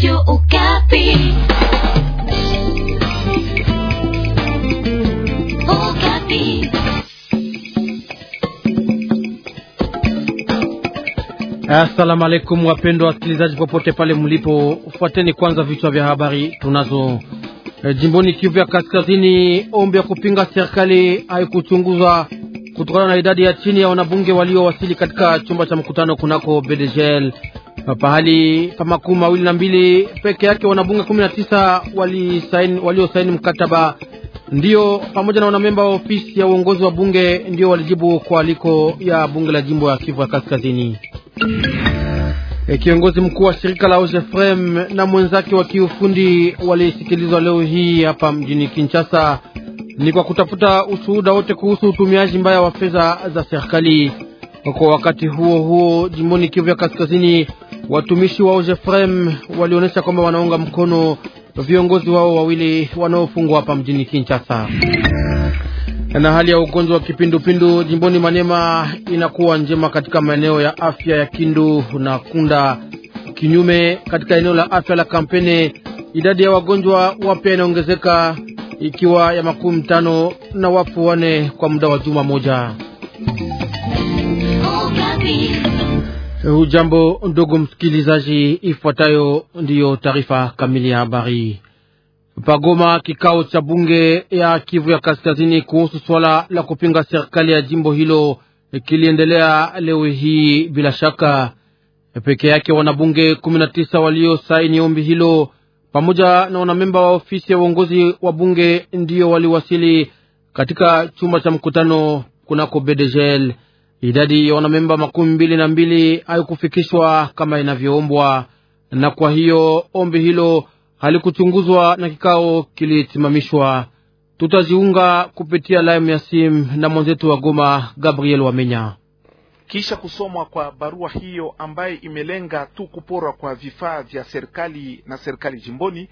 Radio Assalamu alaikum wapendwa wasikilizaji popote pale mlipo, fuateni kwanza vichwa vya habari tunazo. E, jimboni Kivu ya Kaskazini, ombi ya kupinga serikali haikuchunguzwa kutokana na idadi ya chini ya wanabunge waliowasili katika chumba cha mkutano kunako BDGL. Pahali pa makumi mawili na mbili peke yake wanabunge kumi na tisa waliosaini mkataba ndio pamoja na wanamemba wa ofisi ya uongozi wa bunge ndio walijibu kwa aliko ya bunge la jimbo ya Kivu ya Kaskazini. E, kiongozi mkuu wa shirika la OGEFREM na mwenzake wa kiufundi walisikilizwa leo hii hapa mjini Kinshasa, ni kwa kutafuta ushuhuda wote kuhusu utumiaji mbaya wa fedha za serikali. Kwa wakati huo huo, jimboni Kivu ya Kaskazini Watumishi wa OGEFREM walionyesha kwamba wanaunga mkono viongozi wao wawili wanaofungwa hapa mjini Kinshasa. Na hali ya ugonjwa wa kipindupindu jimboni manema inakuwa njema katika maeneo ya afya ya Kindu na Kunda. Kinyume katika eneo la afya la kampeni idadi ya wagonjwa wapya inaongezeka ikiwa ya makumi tano na wafu wane kwa muda wa juma moja. Oh, Hujambo ndugu msikilizaji, ifuatayo ndiyo taarifa kamili ya habari. Pagoma, kikao cha bunge ya Kivu ya Kaskazini kuhusu swala la kupinga serikali ya jimbo hilo kiliendelea leo hii bila shaka. Peke yake wanabunge kumi na tisa waliosaini ombi hilo pamoja na wanamemba wa ofisi ya uongozi wa bunge ndiyo waliwasili katika chumba cha mkutano kunako Bedegel. Idadi ya wanamemba makumi mbili na mbili haikufikishwa kama inavyoombwa, na kwa hiyo ombi hilo halikuchunguzwa na kikao kilisimamishwa. tutaziunga kupitia laimu ya simu na mwenzetu wa Goma, Gabriel Wamenya. Kisha kusomwa kwa barua hiyo ambayo imelenga tu kuporwa kwa vifaa vya serikali na serikali jimboni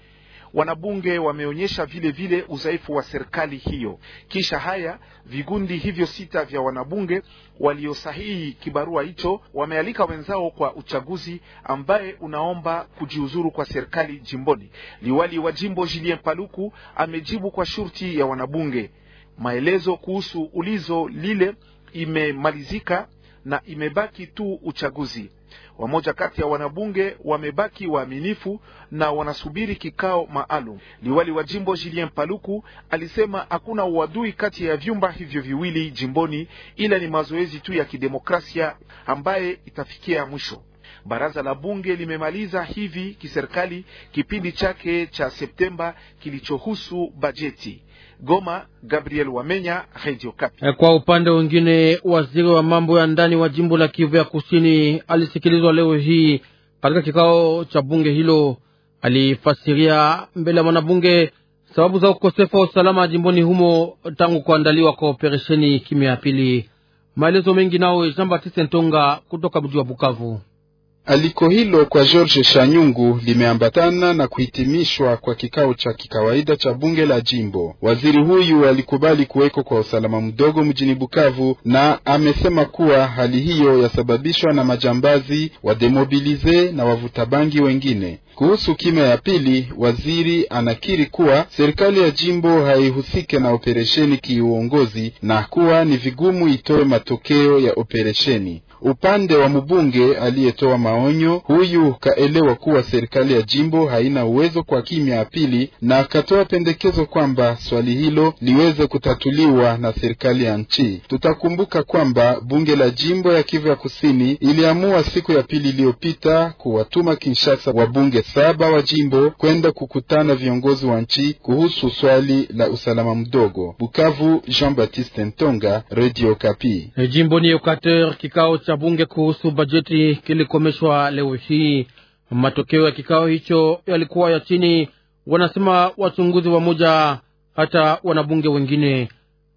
Wanabunge wameonyesha vile vile udhaifu wa serikali hiyo. Kisha haya vigundi hivyo sita vya wanabunge waliosahihi kibarua hicho wamealika wenzao kwa uchaguzi ambaye unaomba kujiuzuru kwa serikali jimboni. Liwali wa jimbo Julien Paluku amejibu kwa shurti ya wanabunge. Maelezo kuhusu ulizo lile imemalizika na imebaki tu uchaguzi. Wamoja kati ya wanabunge wamebaki waaminifu na wanasubiri kikao maalum. Liwali wa jimbo Julien Paluku alisema hakuna uadui kati ya vyumba hivyo viwili jimboni, ila ni mazoezi tu ya kidemokrasia ambaye itafikia mwisho. Baraza la bunge limemaliza hivi kiserikali kipindi chake cha Septemba kilichohusu bajeti. Goma, Gabriel Wamenya, Radio eh, Kwa upande wengine waziri wa mambo ya ndani wa jimbo la Kivu ya Kusini alisikilizwa leo hii katika kikao cha bunge hilo. Alifasiria mbele ya mwanabunge sababu za ukosefu wa usalama jimboni humo tangu kuandaliwa kwa operesheni kimya ya pili. Maelezo mengi nao Jean Baptiste Ntonga kutoka mji wa Bukavu. Aliko hilo kwa George Shanyungu limeambatana na kuhitimishwa kwa kikao cha kikawaida cha bunge la jimbo. Waziri huyu alikubali kuweko kwa usalama mdogo mjini Bukavu na amesema kuwa hali hiyo yasababishwa na majambazi demobilize na wavuta bangi wengine. Kuhusu kima ya pili, waziri anakiri kuwa serikali ya jimbo haihusike na operesheni kiuongozi na kuwa ni vigumu itoe matokeo ya operesheni. Upande wa mbunge aliyetoa maonyo huyu kaelewa kuwa serikali ya jimbo haina uwezo kwa kimya ya pili, na akatoa pendekezo kwamba swali hilo liweze kutatuliwa na serikali ya nchi. Tutakumbuka kwamba bunge la jimbo ya Kivu ya Kusini iliamua siku ya pili iliyopita kuwatuma Kinshasa wabunge saba wa jimbo kwenda kukutana viongozi wa nchi kuhusu swali la usalama mdogo. Bukavu, Jean Baptiste Ntonga, Radio Kapi. Jimbo ni Equateur kikao cha bunge kuhusu bajeti kilikomeshwa leo hii. Matokeo ya kikao hicho yalikuwa ya chini, wanasema wachunguzi wamoja, hata wanabunge wengine.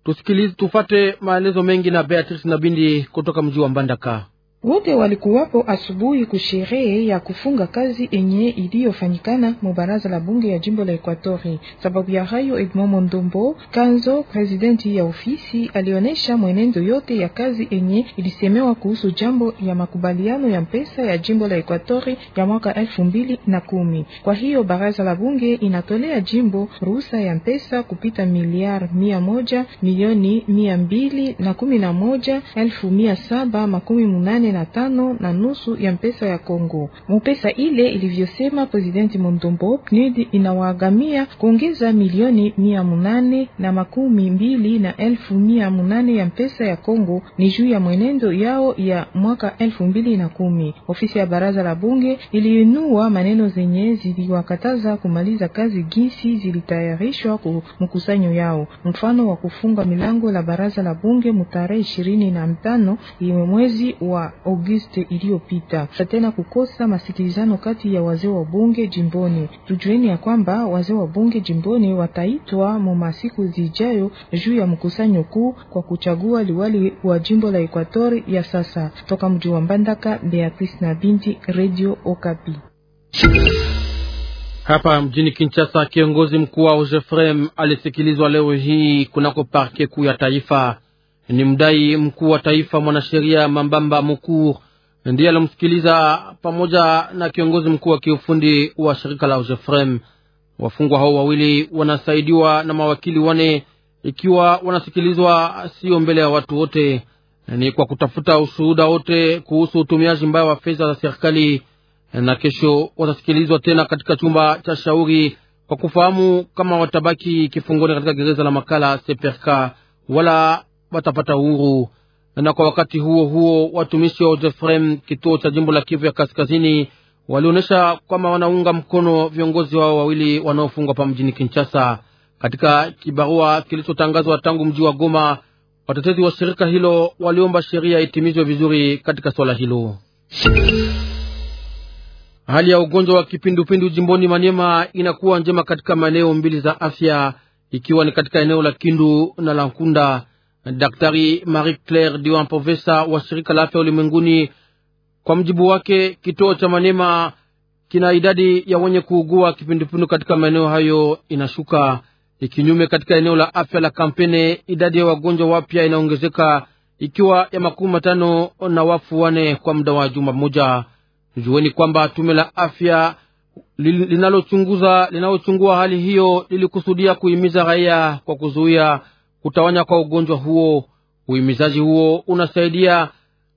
Tusikilize, tufate maelezo mengi na Beatrice Nabindi kutoka mji wa Mbandaka. Wote walikuwapo asubuhi kusherehe ya kufunga kazi enye iliyofanyikana mubaraza la bunge ya jimbo la Ekwatori. Sababu ya hayo, Edmond Mondombo Kanzo, presidenti ya ofisi, alionyesha mwenendo yote ya kazi enye ilisemewa kuhusu jambo ya makubaliano ya mpesa ya jimbo la Ekwatori ya mwaka elfu mbili na kumi. Kwa hiyo baraza la bunge inatolea jimbo ruhusa ya mpesa kupita miliar mia moja milioni mia mbili na kumi na moja elfu mia saba makumi munane kumi na tano na nusu ya mpesa ya Kongo. Mpesa ile ilivyosema Presidenti Mondombo, PNUD inawaagamia kuongeza milioni mia munane na makumi mbili na elfu mia munane ya mpesa ya Kongo ni juu ya mwenendo yao ya mwaka elfu mbili na kumi. Ofisi ya baraza la bunge iliinua maneno zenye ziliwakataza kumaliza kazi gisi zilitayarishwa ku mkusanyo yao, mfano wa kufunga milango la baraza la bunge mutarehe ishirini na mtano mwezi wa Auguste iliyopita, tena kukosa masikilizano kati ya wazee wa bunge jimboni. Tujueni ya kwamba wazee wa bunge jimboni wataitwa mu masiku zijayo juu ya mkusanyo kuu kwa kuchagua liwali wa jimbo la Ekwatori ya sasa. Toka mji wa Mbandaka, Beatrice na Binti, Radio Okapi. Hapa mjini Kinshasa, kiongozi mkuu wa OGEFREM alisikilizwa leo hii kunako parke kuu ya taifa. Ni mdai mkuu wa taifa mwanasheria Mambamba Mukuu ndiye alimsikiliza pamoja na kiongozi mkuu wa kiufundi wa shirika la Ojefrem. Wafungwa hao wawili wanasaidiwa na mawakili wane, ikiwa wanasikilizwa sio mbele ya watu wote, ni kwa kutafuta ushuhuda wote kuhusu utumiaji mbaya wa fedha za serikali, na kesho watasikilizwa tena katika chumba cha shauri kwa kufahamu kama watabaki kifungoni katika gereza la Makala Seperka wala watapata uhuru, na kwa wakati huo huo watumishi wa Ojefrem kituo cha jimbo la Kivu ya Kaskazini walionyesha kwamba wanaunga mkono viongozi wao wawili wanaofungwa pa mjini Kinshasa. Katika kibarua kilichotangazwa tangu mji wa Goma, watetezi wa shirika hilo waliomba sheria itimizwe vizuri katika swala hilo. Hali ya ugonjwa wa kipindupindu jimboni Manyema inakuwa njema katika maeneo mbili za afya, ikiwa ni katika eneo la Kindu na la Nkunda. Daktari Marie Claire Diwan Povesa wa shirika la afya ulimwenguni, kwa mjibu wake, kituo cha Manema kina idadi ya wenye kuugua kipindupindu katika maeneo hayo inashuka. Ikinyume katika eneo la afya la Kampene, idadi ya wagonjwa wapya inaongezeka ikiwa ya makumi matano na wafu wane kwa muda wa juma moja. Jueni kwamba tume la afya linalochunguza linalochungua hali hiyo lilikusudia kuhimiza raia kwa kuzuia kutawanya kwa ugonjwa huo. Uhimizaji huo unasaidia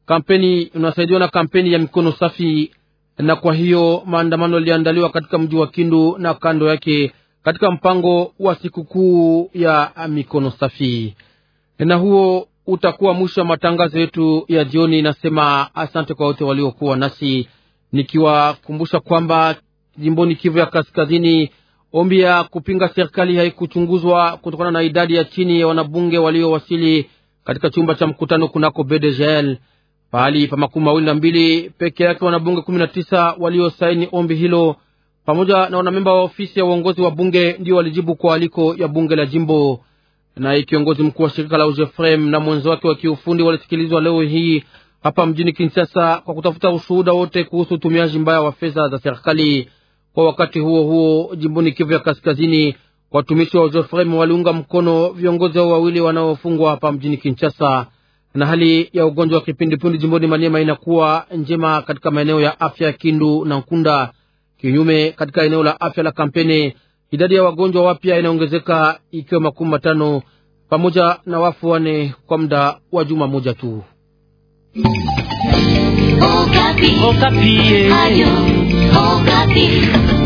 kampeni, unasaidiwa na kampeni ya mikono safi, na kwa hiyo maandamano yaliandaliwa katika mji wa Kindu na kando yake katika mpango wa sikukuu ya mikono safi. Na huo utakuwa mwisho wa matangazo yetu ya jioni. Nasema asante kwa wote waliokuwa nasi, nikiwakumbusha kwamba jimboni Kivu ya Kaskazini Ombi ya kupinga serikali haikuchunguzwa kutokana na idadi ya chini ya wanabunge waliowasili katika chumba cha mkutano kunako BDGL pahali pa makumi mawili na mbili peke yake. Wanabunge kumi na tisa waliosaini ombi hilo pamoja na wanamemba wa ofisi ya uongozi wa bunge ndio walijibu kwa aliko ya bunge la jimbo. Naye kiongozi mkuu wa shirika la UGEFREM na mwenzo wake wa kiufundi walisikilizwa leo hii hapa mjini Kinshasa kwa kutafuta ushuhuda wote kuhusu utumiaji mbaya wa fedha za serikali. Kwa wakati huo huo, jimboni Kivu ya Kaskazini, watumishi wa Jofrem waliunga mkono viongozi hao wawili wanaofungwa hapa mjini Kinshasa. Na hali ya ugonjwa wa kipindupindu jimboni Maniema inakuwa njema katika maeneo ya afya ya Kindu na Nkunda. Kinyume, katika eneo la afya la Kampeni idadi ya wagonjwa wapya inaongezeka ikiwa makumi matano pamoja na wafu wane kwa muda wa juma moja tu. Okapi. Okapi. Eh. Ogapi.